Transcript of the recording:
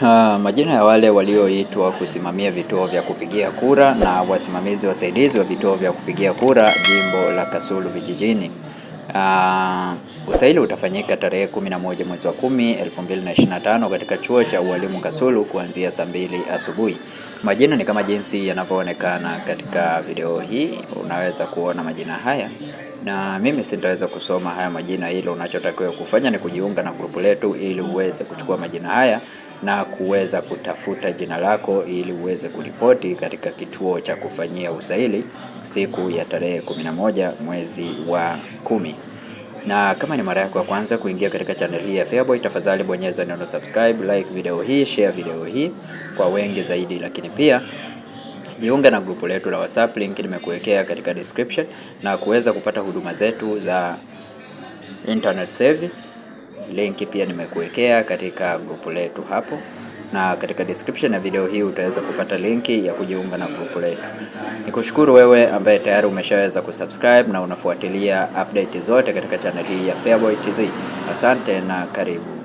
Uh, majina ya wale walioitwa kusimamia vituo vya kupigia kura na wasimamizi wasaidizi wa vituo vya kupigia kura jimbo la Kasulu vijijini. Uh, usaili utafanyika tarehe 11 mwezi wa 10 2025 katika chuo cha ualimu Kasulu kuanzia saa mbili asubuhi. Majina ni kama jinsi yanavyoonekana katika video hii, unaweza kuona majina haya na mimi sitaweza kusoma haya majina, ila unachotakiwa kufanya ni kujiunga na grupu letu ili uweze kuchukua majina haya na kuweza kutafuta jina lako ili uweze kuripoti katika kituo cha kufanyia usaili siku ya tarehe 11 mwezi wa kumi. Na kama ni mara yako ya kwanza kuingia katika channel hii ya Feaboy, tafadhali bonyeza neno subscribe, like video hii, share video hii kwa wengi zaidi, lakini pia jiunga na grupu letu la WhatsApp, link nimekuwekea katika description, na kuweza kupata huduma zetu za internet service linki pia nimekuwekea katika grupu letu hapo, na katika description ya video hii utaweza kupata linki ya kujiunga na grupu letu. Nikushukuru wewe ambaye tayari umeshaweza kusubscribe na unafuatilia update zote katika channel hii ya Fairboy TV. Asante na karibu.